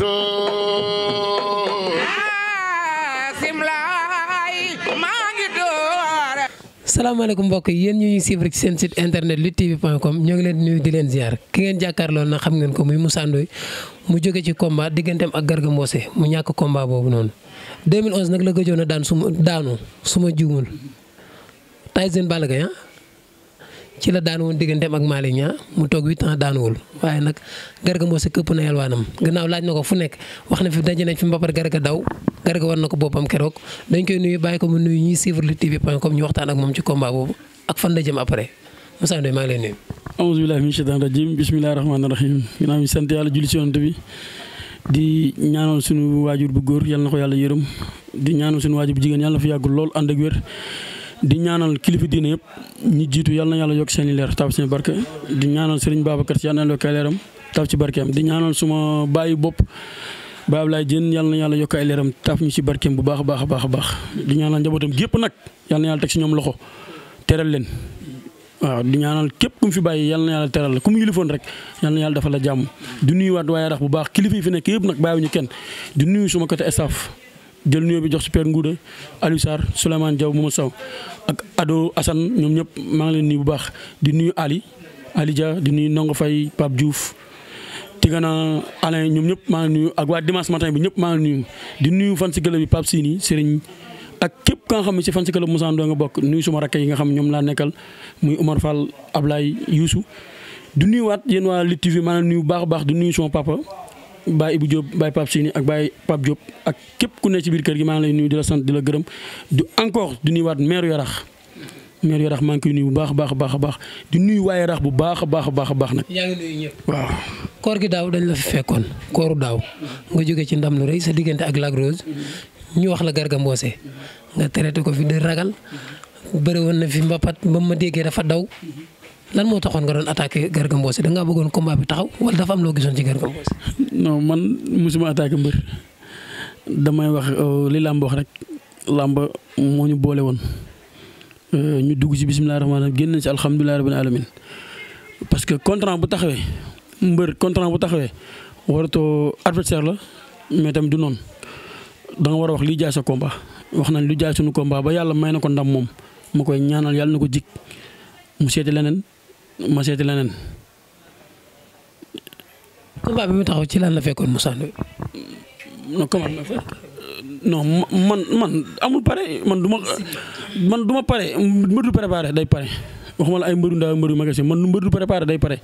doon salaamaaleykum mbokk yi yéen ñu ngi suivre ci seen site internet luttetv.com ñoo ngi leen di di leen ziar ki ngeen jàkkaarloo na xam ngeen ko muy Moussa mu jóge ci combat digganteem ak Garga Mbossé mu ñàkk combat boobu noonu 2011 nag la gëjoon a daan suma daanu suma juumul Tyson Balla ah. ci la daan woon digganteem ak Malick Niang mu toog huit ans daanuwul waaye nag Garga Mbossé këpp na yalwaanam gannaaw laaj na ko fu nekk wax na fi daje nañ fi mbapat Garga daw Garga war ko boppam keroog dañ koy nuyu bàyyi ko mu nuyu ñuy suivre Lutte TV point com ñu waxtaan ak moom ci combat boobu ak fan la jëm après Moussa Ndoye maa ngi lay nuyu. aouzu billahi min shaytaan rajim bismillahi rahmaani rahim ginnaaw mi sant yàlla julli ci yonent bi di ñaanal suñu waajur bu góor yàlla na ko yàlla yërëm di ñaanal suñu waajur bu jigéen yàlla na fi yàggul lool ànd ak wér di ñaanal kilifa diine yëpp ñi jiitu yal na yàlla yokk seen i leer taaf seen barke di ñaanal Serigne Babacar si yal na yàlla yokk ay leeram taaf ci barkeem di ñaanal suma bàyyi bopp Baye Ablaye Dieng yal na yàlla yokk ay leeram taaf ñu si barkeem bu baax a baax a baax a baax di ñaanal njabootam gépp nag yal na yàlla teg si ñoom loxo teral leen waaw di ñaanal képp ku mu fi bàyyi yal na yàlla teral la ku mu yilifoon rek yal na yàlla dafa la jàmm di nuyuwaat waaye rax bu baax kilifa yi fi nekk yëpp nag bàyyiwuñu kenn di nuyu suma côté staff jël nuyoo bi jox super Nguuda Aliou Sarr Souleymane Diaw Momadou Sow ak Ado Assane ñoom ñëpp maa ngi leen nuyu bu baax di nuyu Ali Ali Dia di nuyu Ndongo Faye Pape Diouf Tigana Alain ñoom ñëpp maa ngi nuyu ak waa dimanche matin bi ñëpp maa ngi nuyu di nuyu fan si club bi si nii Serigne ak képp ka nga xam si fan si club Moussa Ndo nga bokk nuyu suma rakk yi nga xam ñoom laa nekkal muy Omar Fall Ablaye Youssou. di nuyuwaat yéen waa Lutte TV maa ngi nuyu baax a baax di nuyu suma papa Baye Ibou Diop Baye Pape Sini ak Baye Pape Diop ak képp ku ne ci biir kër gi maa ngi lay nuyu di la sant di la gërëm du encore du nuyuwaat maire rax maire Yarax maa ngi koy nuyu bu baax a baax a baax di nuyu waaye rax bu baax a baax a baax a baax nag. waaw. koor gi daaw dañ la fi fekkoon kooru daaw nga jóge ci ndam lu rëy sa diggante ak Lac ñu wax la Garga Mbossé nga traité ko fi di ragal bëri woon na fi mbapat ba ma déggee dafa daw. lan moo taxoon nga doon attaqué Garga Mbossé da ngaa bëggoon combat bi taxaw wala dafa am loo gisoon ci Garga Mbossé. man musuma attaqué mbër damay wax euh, li làmb wax rek làmb moo ñu euh, ñu dugg ci bisimilah rahmaani rahiim génn ci alhamdulilah parce que contrat bu taxawee mbër contrat bu taxawee waratoo la mais tamit du noonu wax li jaay sa wax nañ lu jaay suñu ba yàlla may na ko ndam moom ma koy ñaanal yàlla na ko jik mu seeti leneen ma seeti leneen. combat bi mu taxaw ci lan la fekkoon mu Ndoye. non comment ma man man amul pare man du ma man du ma pare mbër du préparé day pare waxuma la ay mbëru ndaw ma magasin man mbër du préparé day pare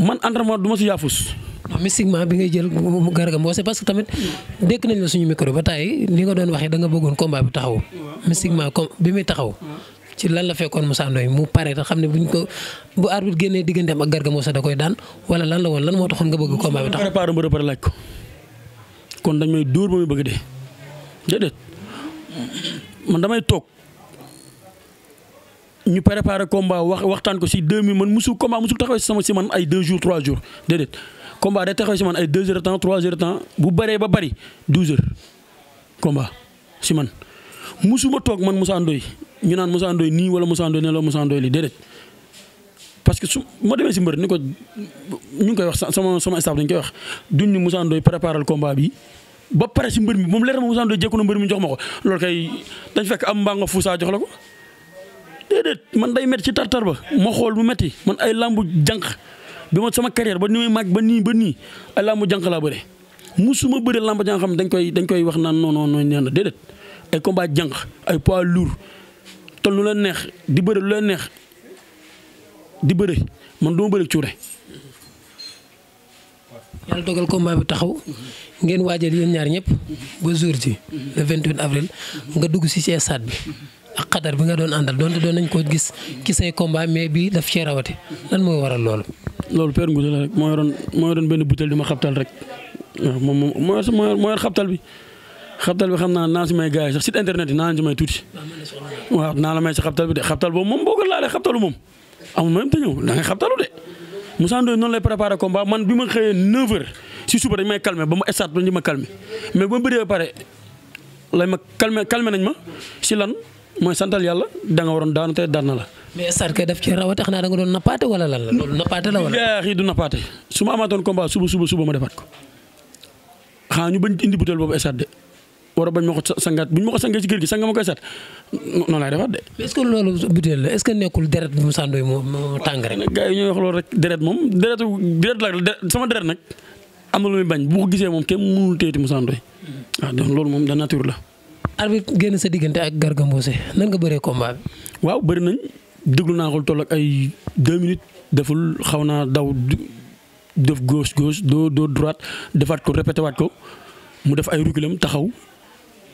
man entraînement du ma si yaafus. non mystiquement bi ngay jël Garga Mbossé parce que tamit dégg nañ la suñu micro ba tey li nga doon waxee danga nga bëggoon combat bi taxaw. mystiquement comme bi muy taxaw. ci lan la fekkoon Moussa Ndoye mu pare te xam ne buñ ko bu arbitre génnee digganteem ak Garga Moussa da koy daan wala lan la woon lan moo tax nga bëgg combat bi tax. préparé ba pare ko kon dañ may dóor ba muy damay toog ñu préparé wax waxtaan ko si deux mi man musul combat musul taxawee si sama si man ay deux jours trois jours déedéet combat day taxawee si man ay deux heures de temps trois heures de temps bu baree ba bari douze heures combat si man musuma toog man Moussa Ndoye ñu naan Moussa nii wala Moussa Ndoye ne la Moussa Ndoye lii déedéet parce que su ma demee si mbër ni ko ñu ngi koy wax sama sama staff dañ koy wax duñ ni Moussa Ndoye préparer bi ba pare si mbër moom leer na ma Moussa Ndoye mi jox ma ko loolu kay dañ fekk am mbaa nga fuusaa jox la ko man day métti ci tartar ba ma xool mu métti man ay lambu jànq bi sama carrière ba ni may màgg ba nii ba nii lambu jànq laa bëre musuma bëre lamb jànq xam dañ koy dañ koy wax naan non non non nee na déedéet ay combat jànq ay pois lourd tol nu la neex di bëre lu la neex di bëre man duma bëre cuune yàlla dogal combat bi taxaw ngeen waajal yéen ñaar ñëpp ba jour ji le 28 avril nga dugg si ci stade bi ak bi nga doon àndal doonte doon nañ ko gis ci say combat mais bii daf cee rawati lan mooy waral loolu. loolu père Ngouda la rek moo yoroon moo yoroon benn di moo yor xabtal bi. xabtal bi xam naa naa si may gars yi sax site internet yi naa si may tuuti waaw naa la may si xabtal bi de xabtal boobu moom boo ko laalee xabtalu moom amul même te ñëw bi ma xëyee 9h ma estaat ba ñu ma calmé ba bëree ba pare lay ma calmé calmé nañ ma si lan mooy santal da nga waroon daanu te daan na la. mais estaat kay daf ci rawate xanaa da amaatoon combat suba suba suba ma defaat ko xanaa ñu bañ indi butéel boobu estaat de war a bañ ma ko sangaat buñ ma ko sangee ci kër gi sanga ma koy set noonu laay defaat de. mais est ce que nekkul deret bu mu sàndooy moo moo tàng rek. gars yi ñooy wax loolu rek deret moom deretu deret la sama deret nag am na gisee moom kenn mënul téyeti mu sàndooy loolu moom da nature la. arbitre génn sa diggante ak Garga Mbossé nan nga bëree combat bi. waaw bëri nañ déglu naa ko toll ak ay deux minutes deful xaw naa daw def gauche gauche doo doo droite defaat ko répété waat ko mu def ay reculam taxaw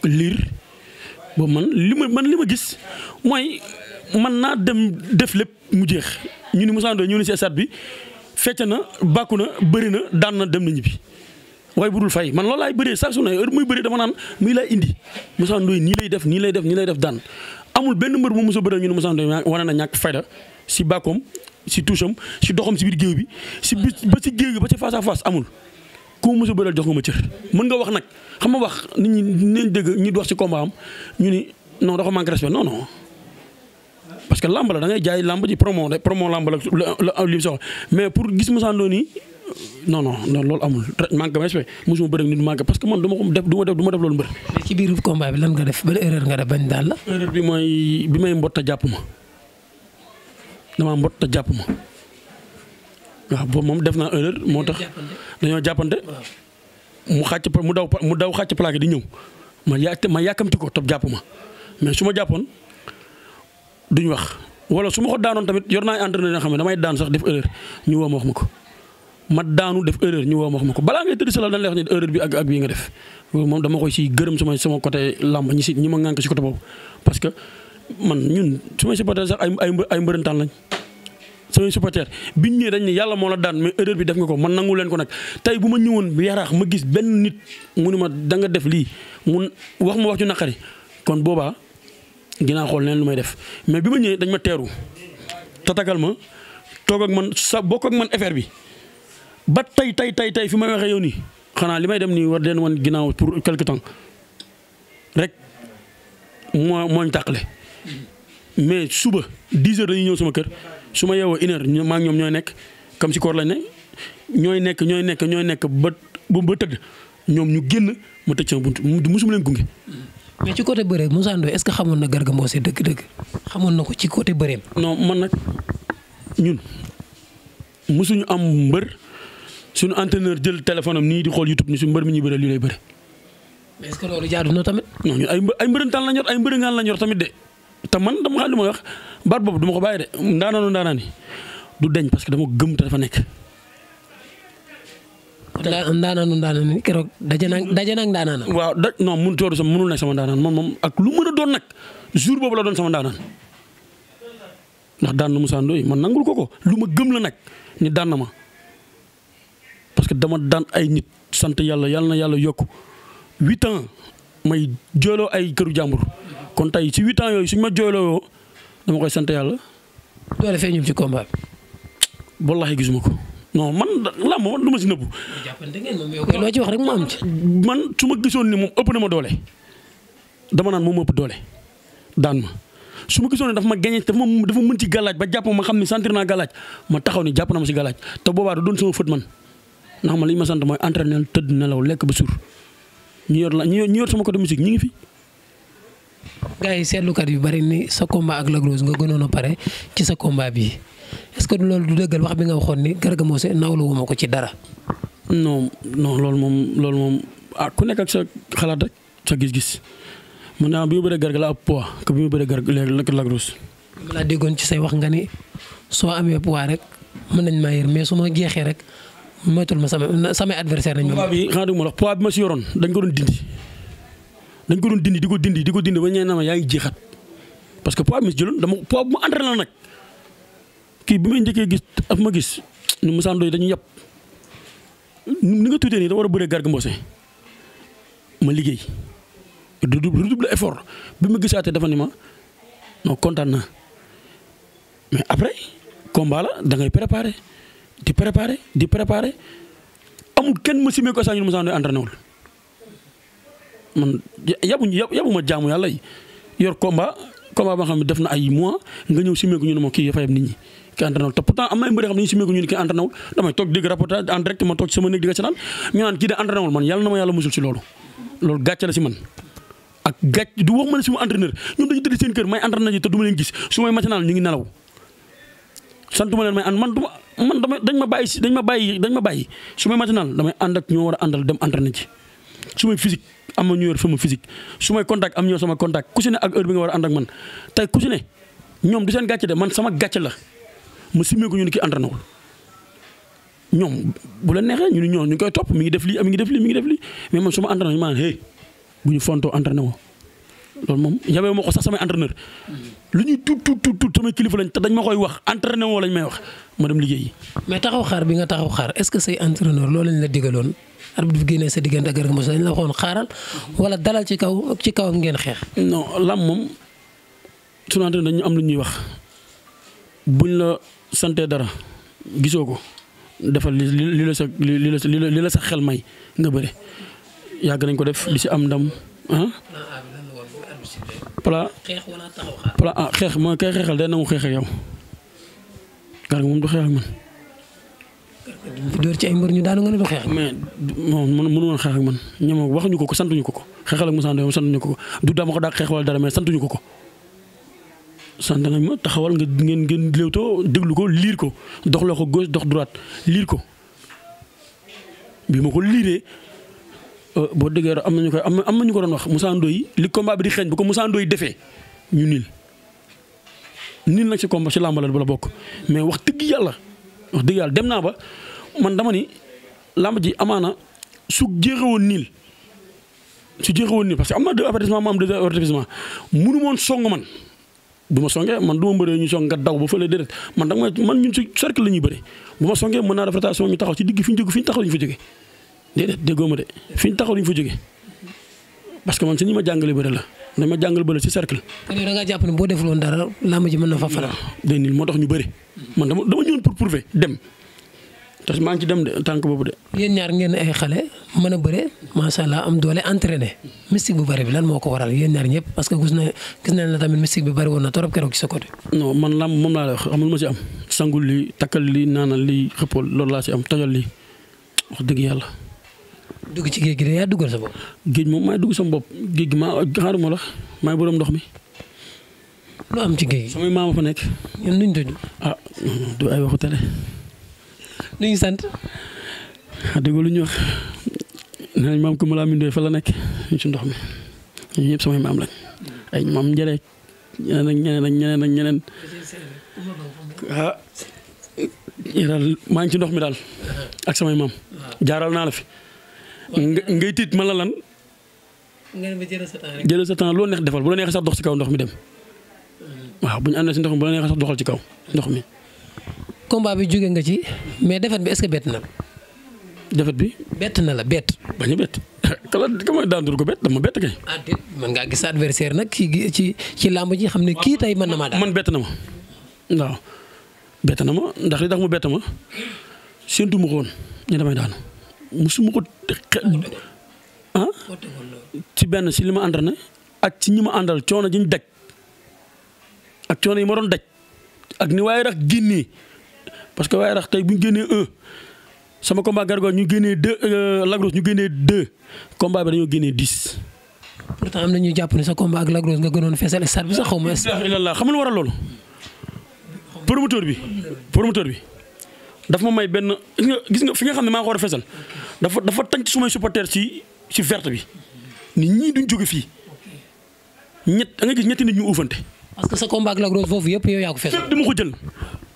liir ba man li ma man li ma gis mooy man naa dem def lépp mu jeex ñu ni Moussa Ndoye ñu ni si stade bi fecc na bàkku na bëri na daan na dem na ñibbi waaye budul fay man loolu laay bëree saa su ne heure muy bëree dama naan muy lay indi Moussa Ndoye nii lay def nii lay def nii lay def daan amul benn mbër mu mos a bëree ñu ne Moussa wane na ñàkk fayda si bàkkoom si toucham si doxam si biir géew bi si ba si géew bi ba si face à amul. ku mësu bëral jox nga ma cër mën nga wax nag xam nga wax nit ñi dëgg dégg ñi wax ci combat am ñu ni non dafa manque respect non non parce que la da jaay làmb ji promo de promo la li mu soxla mais pour gis Moussa Ndoye nii non non non loolu amul manque respect mosuma bëri nit que man du ma ko def du ma def def loolu mbër. mais ci biir combat bi lan nga def bañ daal la. bi mooy bi may mbott jàpp ma damaa mbott jàpp ma. waa boobu moom def naa erreur moo tax dañoo jàppante mu xàcc mu daw mu daw xàcc plaqué di ñëw ma ya ma yàkkamti ko topp jàpp ma mais su ma jàppoon duñ wax wala su ma ko daanoon tamit yor naa entraîneur yoo xam ne damay daan sax def erreur ñu woo ma wax ma ko ma daanu def erreur ñu woo ma ma ko balaa ngay tëdd sa la dañ lay wax ne erreur bi ak ak bii nga def loolu moom dama koy si gërëm sama sama côté làmb ñi si ñi ma ŋànk si côté boobu parce que man ñun su ma supporter sax ay ay mbërëntaan la samay supporters biñ ñëwee dañ ne yàlla moo la daan mais erreur bi def nga ko man nangu leen ko nag tey bu ma ñëwoon yaraax ma gis benn nit mu ne ma da nga def lii mu wax ma wax ju naqari kon boobaa dinaa xool leen lu may def mais bi ma ñëwee dañ ma teeru tatagal ma toog ak man sa bokk ak man affaire bi ba tey tey tey tey fi ma waxee yow nii xanaa li may dem nii war den woon ginnaaw pour quelque temps rek moo mooñ tàqale mais suba 10 heures lañuy ñëw sama kër su ma yeewoo une maak ñoom ñooy nekk comme si koor lañ ne ñooy nekk ñooy nekk ñooy nekk ba ba tëdd ñoom ñu génn ma tëj sama bunt musuma leen gunge. mais ci côté bëreem Moussa Ndoye est-ce que xamoon na Garga Mbossé dëgg-dëgg xamoon na ko ci côté bëreem. non man nag ñun musuñu am mbër suñu entraîneur jël téléphone am nii di xool YouTube ni suñu mbër mi ñuy bëre lu lay bëre. mais est-ce que loolu jaadu na tamit. non ñun ay mbë ay mbërëntaan la ñor ay mbërëngaan la ñor tamit de te man dama xam li ma wax. baat boobu du ma ko de ndaanaanu ndaanaan du deñ parce que dama gëm te dafa nekk. ndaanaanu ndaanaan yi keroog daje na daje na ndaanaan. waaw da non mun tooru sama mënul nekk ndaanaan moom moom ak lu mën a doon nag jour boobu la doon sama ndaanaan ndax daan na Moussa Ndoye man nangul ko ko lu ma gëm la nag ni daan na ma parce que dama daan ay nit sant yàlla yàlla na yàlla yokk huit ans may jooyloo ay këru jàmbur kon tey ci huit ans yooyu suñ ma jooyloo dama koy sant yàlla. doole fee ñu ci combat bi. wallaahi gisuma ko non man làmb man lu ma si nëbbu. jàppante ngeen moom ci wax rek mu am man su ma gisoon ni moom ëpp na ma doole dama naan moom ëpp doole daan ma su ma gisoon ne dafa ma gagné dafa ma dafa mën ci galaaj ba jàpp ma xam ne sentir naa galaaj ma taxaw ni jàpp na ma si galaaj te boobaa du doon sama fët man ndax man li ñu ma sant mooy entraîner tëdd nelaw lekk ba suur ñu yor la ñu yor sama côté musique ñu ngi fi. gars yi seetlukat yu bari ni sa combat ak lagros nga gënoon a pare ci sa combat bii est-ce que loolu du dëggal wax bi nga waxoon ni Garga Mbossé nawlu wu ma ko ci dara. non non loolu moom loolu moom ah ku nekk sa xalaat rek sa gis-gis mën naa bi mu bëree Garga la ab poids que bi mu bëree Garga léegi Lac ma laa déggoon ci say wax nga ni soo amee poids rek mën nañ maa yër mais su ma jeexee rek moytul ma sama samay adversaire nañ ma. poids bi xanaa dégg ma wax poids bi ma si yoroon dañ ko dañ ko doon dindi di ko dindi di ko dindi ba ñee na ma yaa ngi jeexat parce que poids bi ma jëloon dama poids bu ma entraîné nag kii bi may njëkkee gis af ma gis nu Moussa Ndoye dañu yàpp ni nga tuutee nii da war a bëree Garga ma liggéey redouble effort bi ma gisaatee dafa ni ma non kontaan naa mais après combat la da ngay préparer di préparer di préparer amul kenn ma simee ko saa ñu Moussa Ndoye entraîné wul man yabuñu yabuma jaamu yàlla yi yor combat combat ba nga xam ne def na ay mois nga ñëw simeeku ñu ne ma kii dafa yab nit ñi ki entraîné te pourtant am na ay mbër yoo xam ne ñu simeeku ñu ne ki entraîné wul damay toog dégg reportage en direct ma toog ci sama néeg di nga ci naan ñu naan kii de entraîné wul man yàlla na ma yàlla musul ci loolu loolu gàcce la ci man ak gàcc du wax ma ne suma entraîneur ñoom dañu tëdd seen kër may entraîneur ji te du ma leen gis su may matinal ñu ngi nelaw santuma leen may ànd man duma dañ ma bàyyi dañ ma bàyyi dañ ma bàyyi su may matinal damay ànd ak ñoo war a àndal dem entraîneur ji su may physique am na ñu yor ma physique su may contact am ñoo sama contact ku si ne ak heure nga war a ànd ñoom du seen gàcce de man sama gàcce la ma simmee ko ñu ne kii ñoom bu la ñu ne ñoo ñu ngi koy topp mi ngi def lii mi ngi def lii mi ngi def lii mais ma entraîné maa hey bu ñu fontoo entraîné woo moom yabee ma ko sax samay entraîneur lu ñuy tuut tuut tuut tuut samay kilifa lañ wax entraîné woo lañ may wax ma dem liggéey yi mais taxaw xaar bi nga taxaw xaar est-ce que say entraîneur loolu lañ la digaloon arbitre bi génnee sa diggante ak Garga Mbossé dañ la waxoon xaaral wala dalal ci kaw ci kawam ngeen xeex. non lam moom sunu entraîneur dañu am lu ñuy wax buñ la santee dara gisoo ko defal li li la sa li la sa xel may nga bëre yàgg nañ ko def li si am ndam ah. pla pla ah, xeex ma xeex ak yow Garga moom du xeex man. di ci ay mbër ñu daanu nga ne du xeex. mais non mënu woon xeex ak man ñoom waxuñu ko ko santuñu ko ko xeexal mu Moussa Ndoye santuñu ko ko du dama ko daak xeex wala dara mais santuñu ko ko. sant nañ ma taxawal nga ngeen ngeen léewtoo déglu ko liir ko dox loo ko gauche dox droite liir ko bi ma ko liiree euh, boo déggee am nañu koy am nañu ko doon wax Moussa Ndoye li combat bi di xeeñ bi ko Moussa Ndoye defee ñu niil niil nag ci combat ci làmbalal bu bokk mais wax dëgg yàlla. wax dëgg yàlla dem naa ba man dama ni làmb ji amaana su jeexewoon niil su jeexewoon niil parce que am na deux avertissement ma am deux avertissement munu moon song man du ma songee man du ma mbëree ñu song nga daw ba fële déedéet man da nga man ñun si cercle la ñuy bëri bu songee mën naa def rotation ñu taxaw si digg fi ñu jóge fi ñu taxaw la ñu fa jóge déedéet déggoo ma de fi taxaw la ñu jóge parce que man si ni ma jàngalee bëre la dañ ma jàngal bëre si cercle. kon yow da ngaa jàpp ne boo ñu bëri man dama dem te maa ngi ci dem de boobu de. ñaar ngeen ay xale mën a bëre macha allah am doole entraîné mystique bu bëri bi lan moo ko waral yéen ñëpp parce que gis na gis nañ la tamit mystique bi na trop keroog ci sa côté. non man làmb moom laa la wax amul ma si am sangul lii takkal lii naanal lii xëppool loolu laa si am tojal lii wax dëgg yàlla dugg ci géej gi de yaa duggal sa bopp. géej moom maay dugg sama bopp géej gi maa xaaruma la maay ndox mi. ci géej gi samay maama fa nekk. ñun nuñ ah, du ay waxu télé. nuñ sant. ah lu ñu wax nee nañ maam Kumba Lamin nekk ci ndox mi ñun ñëpp samay maam lañ ay maam Njare ñeneen ñeneen ñeneen ah, maa ngi ci ndox mi daal. ak samay maam jaaral naa la fi. ngay tiit ma la lan. ngeen jëlal sa temps loo neex defal bu la neex sax dox ci kaw ndox mi dem. Mm. waaw bu ñu àndee si ndox mi bu la neexee sax doxal ci kaw ndox mi. combat bi jóge nga ci mais defet bi est-ce bett na la. defet bi. bett na la bett. bañ a bett kala kama daan dur ko bett ma bett kay. ah déet mën ngaa gis adversaire nag ci ci ci làmb ji xam ne kii tey mën na maa daal man na ma waaw na ma ndax li tax ma séntu ma ko woon daanu. musuma ko ah ci benn si li ma na ak ci ñi ma àndal coono ji ñu daj ak coono yi ma doon daj ak ni waaye rax génnee parce que waaye rax tey bu ñu génnee un sama combat gargo ñu génnee deux euh, lagros ñu génnee deux combat bi dañoo génnee dix. pourtant am na ñuy jàpp ne sa combat ak lagros nga gënoon feesal stade bi sax xaw ma. xam nga lu waral loolu promoteur bi promoteur bi. daf ma may benn gis nga fi nga xam ne maa ngi war a fesal dafa dafa tànc sumay supporters ci ci verte bi nit ñii duñ jóge fii ñett a nga gis ñetti nit ñu uufante. parce que sa combat ak foofu yëpp yow yaa ko fesal. ma ko jël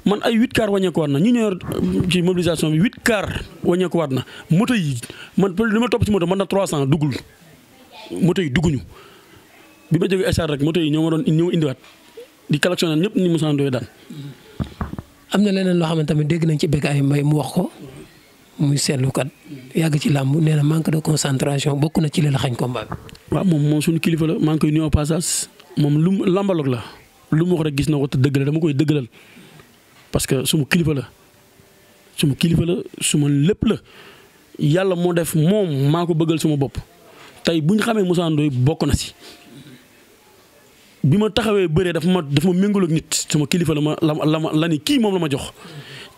man ay huit car wàññeekuwaat na ñu ñëw euh, ci mobilisation bi huit car wàññeekuwaat na moto yi man li ma topp ci moto man na trois cent duggul moto yi dugguñu bi ma jógee SR rek moto yi ñoo ma doon ñëw indiwaat di collectionné ñëpp ni mu saan doy daan. am na leneen loo xam ne dégg nañ ci bëgg ay mbay mu wax ko muy seetlukat yàgg ci làmb nee na manque de concentration bokk na ci li la xañ combat bi. waaw moom moom suñu kilifa la maa ngi koy passage moom lu làmbaloog la lu mu wax rek gis na ko dëgg la dama koy dëggalal parce que suma kilifa la sumu kilifa la suma lépp la yàlla moo def moom maa ko bëggal suma bopp tey bu xamee Moussa Ndoye bokk na si. bi ma taxawee bëree dafa ma daf ma méngaloo ak suma kilifa la ma la la ma la ni kii moom la ma jox.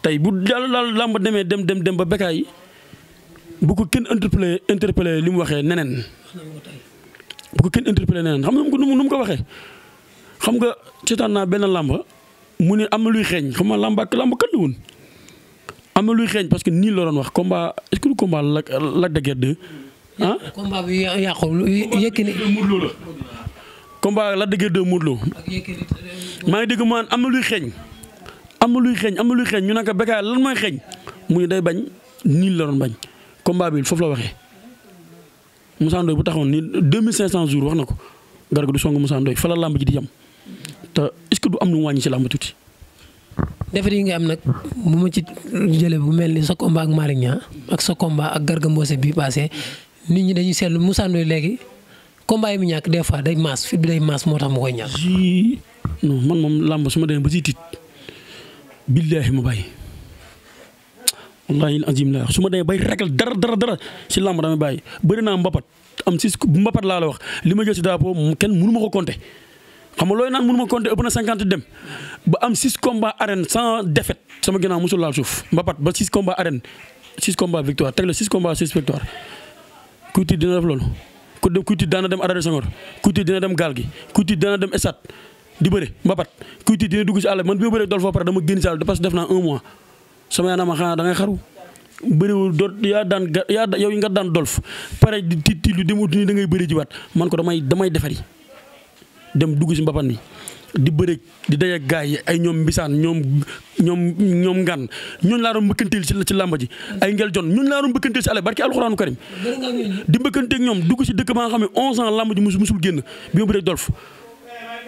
tey bu daal daal làmb demee dem dem dem ba Bécaye bu ko kenn interpellé interpellé li mu waxee neneen. bu ko kenn interpellé neneen xam nga nu mu ko waxee. xam nga seetaan naa benn làmb mu ne am na luy xeeñ xam nga làmb làmb kat woon am na luy xeeñ parce que nii la doon wax combat est-ce que du combat Lac de Guiers 2 ah. combat bi yàqu yëkkini. combat la de Guiers 2 maa ngi dégg mu am na luy xeeñ am na luy xeeñ am na luy xeeñ ñu naka Bécaye lan mooy xeeñ mu day bañ nii la doon bañ combat bi foofu la waxee Moussa Ndoye bu taxawoon ni 2500 jours wax na ko Garga du song Moussa Ndoye la làmb ji di yam te est du am lu mu wàññi ci làmb tuuti. defet yi nga am nag bu ma ci jëlee bu mel ni sa combat ak Malick Niang ak sa combat ak Garga Mbossé bi passé nit ñi dañuy seetlu Moussa Ndoye léegi. combat yi mu ñàkk des fois day maas fit bi day maas moo tax mu koy ñàkk. jii non man moom làmb su ma demee ba ci tiit billaahi ma bàyyi wallaahi azim laa su ma demee bay ragal dara dara dara si làmb dama bàyyi bëri naa mbapat am si mbapat laa la wax li ma jël si drapeau kenn mënu ma ko compter. xam nga looy naan mënu ma compter ëpp na cinquante dem ba am six combats arène sans défaite sama ginnaaw mosul laal suuf mbapat ba six combats arène six combats victoire teg la six combats six victoire kuy tiit dina def loolu. ku de kuy tiit daana dem Adrien Senghor kuy tiit dina dem gaal gi kuy tiit dana dem esat di bëre mbapat kuy tiit dina dugg si àll man bi ma bëree dool foo pare yaa ma xanaa da ngay xaru bëriwul daan ga yaa yow nga daan dolf pare di tiit tiit dem ut nii da ngay bëri jiwaat man ko damay damay defari dem dugg si mbapat mi di bëri di daje gaay yi ay ñoom mbisaan ñoom ñoom ñoom ngan ñooñu laa doon mbëkkanteel ci ci làmba ji ay ngel jon ñooñu laa doon mbëkkanteel si àll barki alxuraanu karim di mbëkkanteeg ñoom dugg si dëkk ba nga xam ne onze ans làmb ji musul musul génn bi ma bëree dolf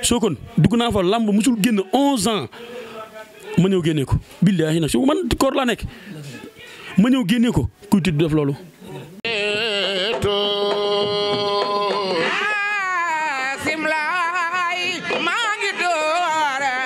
soo kon dugg naa fa làmb musul génn onze ans ma ñëw génnee ko billaahi nag so man koor laa nekk ma ñëw génnee ko kuy tudd def loolu